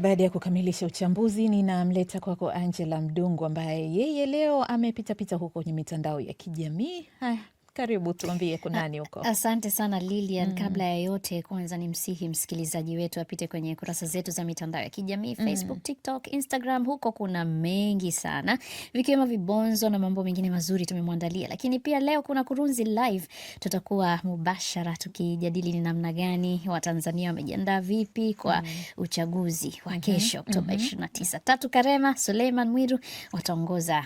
Baada ya kukamilisha uchambuzi, ninamleta kwako Angela Mdungu ambaye yeye leo amepitapita huko kwenye mitandao ya kijamii. Karibu tuambie kunani huko. Asante sana Lilian. Mm. Kabla ya yote, kwanza ni msihi msikilizaji wetu apite kwenye kurasa zetu za mitandao ya kijamii mm. Facebook, mm, TikTok, Instagram. Huko kuna mengi sana vikiwemo vibonzo na mambo mengine mazuri tumemwandalia, lakini pia leo kuna Kurunzi Live, tutakuwa mubashara tukijadili ni namna gani Watanzania wamejiandaa vipi kwa mm, uchaguzi wa mm-hmm. kesho Oktoba mm -hmm. 29. Tatu Karema, Suleiman Mwiru wataongoza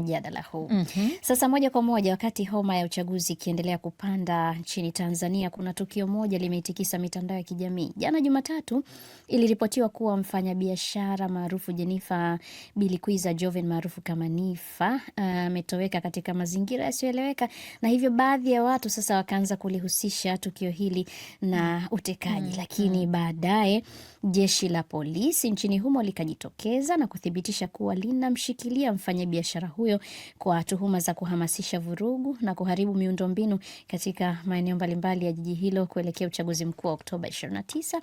mjadala huu mm -hmm. Sasa moja kwa moja, wakati homa ya uchaguzi ikiendelea kupanda nchini Tanzania, kuna tukio moja limeitikisa mitandao ya kijamii. Jana Jumatatu iliripotiwa kuwa mfanyabiashara maarufu Jenifa Bilikwiza Joven maarufu kama Nifa ametoweka uh, katika mazingira yasiyoeleweka, na hivyo baadhi ya watu sasa wakaanza kulihusisha tukio hili na utekaji mm -hmm. Lakini mhm. baadaye jeshi la polisi nchini humo likajitokeza na kuthibitisha kuwa linamshikilia mfanyabiashara huyo huyo kwa tuhuma za kuhamasisha vurugu na kuharibu miundombinu katika maeneo mbalimbali ya jiji hilo kuelekea uchaguzi mkuu wa Oktoba 29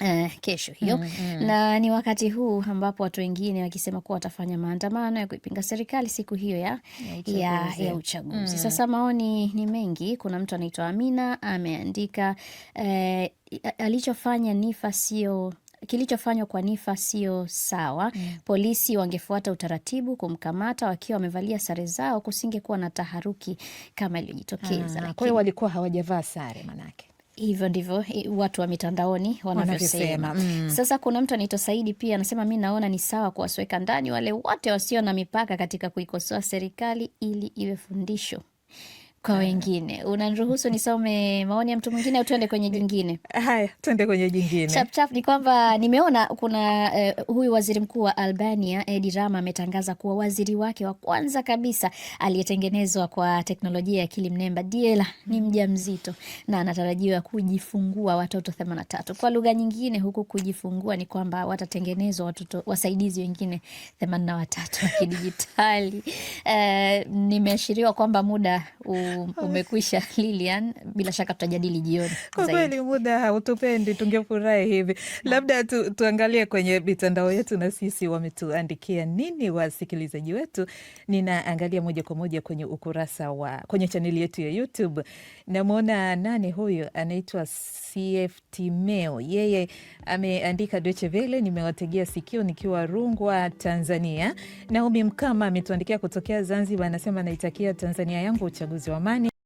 Uh, eh, kesho hiyo mm mm. Na ni wakati huu ambapo watu wengine wakisema kuwa watafanya maandamano ya kuipinga serikali siku hiyo ya, ya, ya uchaguzi mm Sasa maoni ni mengi. Kuna mtu anaitwa Amina ameandika, eh, alichofanya Nifa sio kilichofanywa kwa Niffer sio sawa mm. Polisi wangefuata utaratibu kumkamata wakiwa wamevalia sare zao, kusingekuwa na taharuki kama iliyojitokeza. Ah, kwa hiyo walikuwa hawajavaa sare manake hivyo ndivyo watu wa mitandaoni wanavyosema. Mm. Sasa kuna mtu anaitwa Saidi pia anasema, mi naona ni sawa kuwasweka ndani wale wote wasio na mipaka katika kuikosoa serikali ili iwe fundisho kwa wengine. Unaniruhusu nisome maoni ya mtu mwingine au tuende kwenye jingine? Haya, tuende kwenye jingine. Chapchap ni kwamba nimeona kuna uh, huyu waziri mkuu wa Albania Edi Rama ametangaza kuwa waziri wake wa kwanza kabisa aliyetengenezwa kwa teknolojia ya akili mnemba Diela ni mm. mjamzito na anatarajiwa kujifungua watoto 83. Kwa lugha nyingine, huku kujifungua ni kwamba watatengenezwa watoto wasaidizi wengine 83 wa kidijitali. Uh, nimeashiriwa kwamba muda umekwisha Lilian, bila shaka tutajadili jioni. Kwa kweli muda hautupendi, tungefurahi hivi. Labda tu, tuangalie kwenye mitandao yetu na sisi wametuandikia nini wasikilizaji wetu. Ninaangalia moja kwa moja kwenye ukurasa wa kwenye chaneli yetu ya YouTube, namwona nani huyu anaitwa CFT Meo, yeye ameandika Deutsche Welle, nimewategea sikio nikiwa Rungwa, Tanzania. Naomi Mkama ametuandikia kutokea Zanzibar, anasema naitakia Tanzania yangu uchaguzi uchaguzi wa amani.